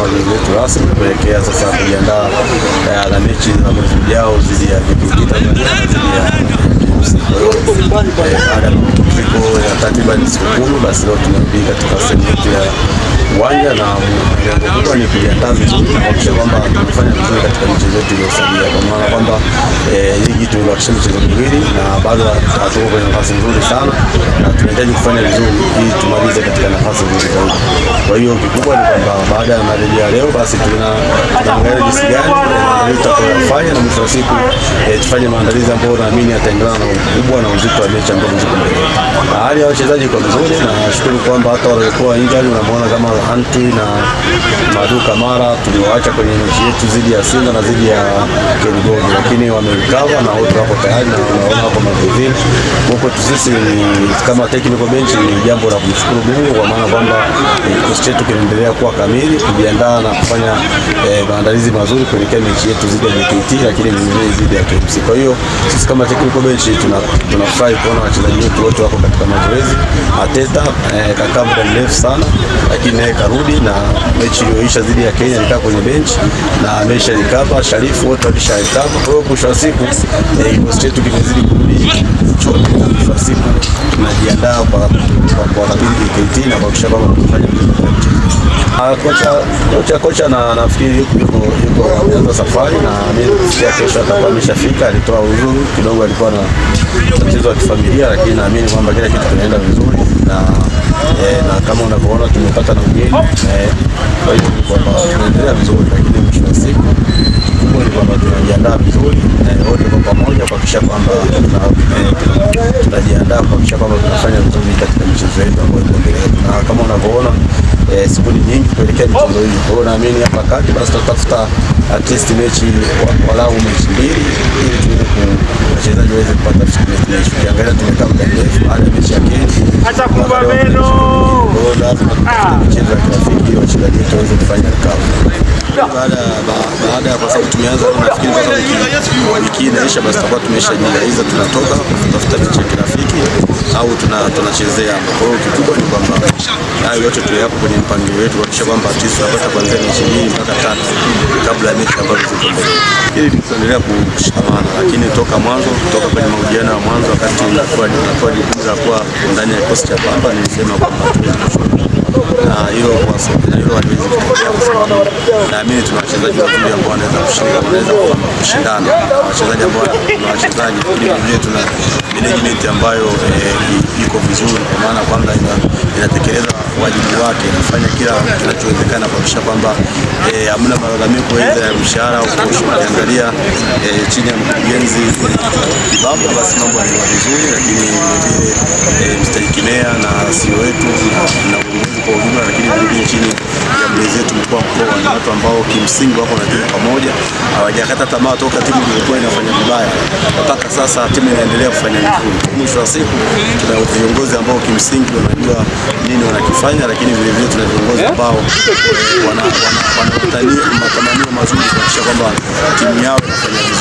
mazoezi yetu rasmi kuelekea sasa kujiandaa eh, na mechi za mwezi ujao dhidi ya Tanzania na ya eh, baada ya mapumziko ya takriban siku kumi, basi leo tunarudi katika sehemu yetu ya uwanja na lengo kubwa ni kujiandaa vizuri kuhakikisha kwamba tunafanya vizuri katika michezo yetu iliyosalia kwa maana tumebakisha michezo miwili na bado hatuko kwenye nafasi nzuri sana, na tunahitaji kufanya vizuri ili tumalize katika nafasi nzuri zaidi. Kwa hiyo kikubwa ni kwamba baada ya marejeo leo, basi tunaangalia jinsi gani tutafanya na mwisho wa siku e, tufanye maandalizi ambayo naamini yataendana na ukubwa na uzito wa mechi ambayo ziko mbele. Hali ya wachezaji kwa mzuri, na nashukuru kwamba hata waliokuwa injured yaani unamwona kama anti na Madu Kamara tuliwaacha kwenye mechi yetu dhidi ya Simba na dhidi ya Kengogo, lakini wamerecover na wote wako tayari na wanaona hapo mazoezini kwa huko sisi kama technical bench ni jambo la kumshukuru Mungu kwa maana kwamba eh, kikosi chetu kinaendelea kuwa kamili, kujiandaa na kufanya eh, maandalizi mazuri kuelekea mechi yetu dhidi ya JKT, lakini vilevile dhidi ya KMC. Kwa hiyo sisi kama technical bench tunafurahi tuna kuona wachezaji wetu wote wako katika mazoezi. Ateta eh, kakaa muda mrefu sana, lakini naye karudi na mechi iliyoisha dhidi ya Kenya alikaa kwenye bench na amesha recover. Sharifu wote walisha recover. Kwa hiyo mwisho wa siku eh, kikosi chetu kimezidi kurudi chote mwisho wa siku tunajiandaa kwa kuwakabidhi KT na kuhakikisha kwamba tunafanya kocha kocha kocha, na nafikiri yuko yuko ameanza safari, na mimi kesho atakuwa ameshafika. Alitoa uzuru kidogo, alikuwa na tatizo la kifamilia, lakini naamini kwamba kila kitu kinaenda vizuri na eh, na kama unavyoona tumepata na ugeni eh, kwa hiyo kwamba tunaendelea vizuri, lakini mwisho wa siku kwamba tunajiandaa vizuri eh, wote kwa pamoja kuhakikisha kwamba kwamba tunafanya vizuri katika michezo yetu ambayo tunaendelea, na kama unavyoona eh, siku ni nyingi kuelekea michezo hii. Kwa hiyo naamini hapa kati basi tutatafuta at least mechi walau mechi mbili ili tuweze wachezaji waweze kupata fitness. Ukiangalia tumekaa muda mrefu baada ya mechi ya kesho, hata kuva meno lazima ah. michezo ya kirafiki wachezaji wetu waweze kufanya recovery baada ya kwa sababu tumeanza wiki inaisha, basi tutakuwa tumesha tunatoka kutafuta mechi ya kirafiki au tunachezea hapo. Kwa hiyo kikubwa ni kwamba hayo yote tuliyapo kwenye mpangilio wetu kuhakikisha kwamba timu tunapata kuanzia mechi mbili mpaka tatu kabla ya mechi ambazo ziko mbele, ili tuendelea kushikamana. Lakini toka mwanzo, kutoka kwenye mahojiano ya mwanzo, wakati nakuwa jukumu kuwa ndani ya kikosi cha Pamba, nilisema kwamba hilo haliwezi kwa sababu naamini tuna wachezaji wazuri ambao wanaweza kushinda, wanaweza kushindana na wachezaji ambao na wachezaji vilevile tuna management ambayo eh, iko vizuri, kwa maana kwamba inatekeleza wajibu wake, inafanya kila kinachowezekana kuhakikisha kwamba eh, hamna malalamiko aidha ya mshahara au posho. Ukiangalia eh, chini ya mkurugenzi Kibamba, basi mambo yanaenda vizuri, lakini vilevile mstahiki meya na sio e wetu na uongozi chini ya mlezi wetu mkuu wa mkoa. Ni watu ambao kimsingi wako na timu pamoja, hawajakata tamaa toka timu ilikuwa inafanya vibaya mpaka sasa timu inaendelea kufanya vizuri. Mwisho wa siku tuna viongozi ambao kimsingi wanajua nini wanakifanya, lakini vile vile tuna viongozi ambao eh, wana matamanio mazuri kuhakikisha kwamba timu yao inafanya vizuri.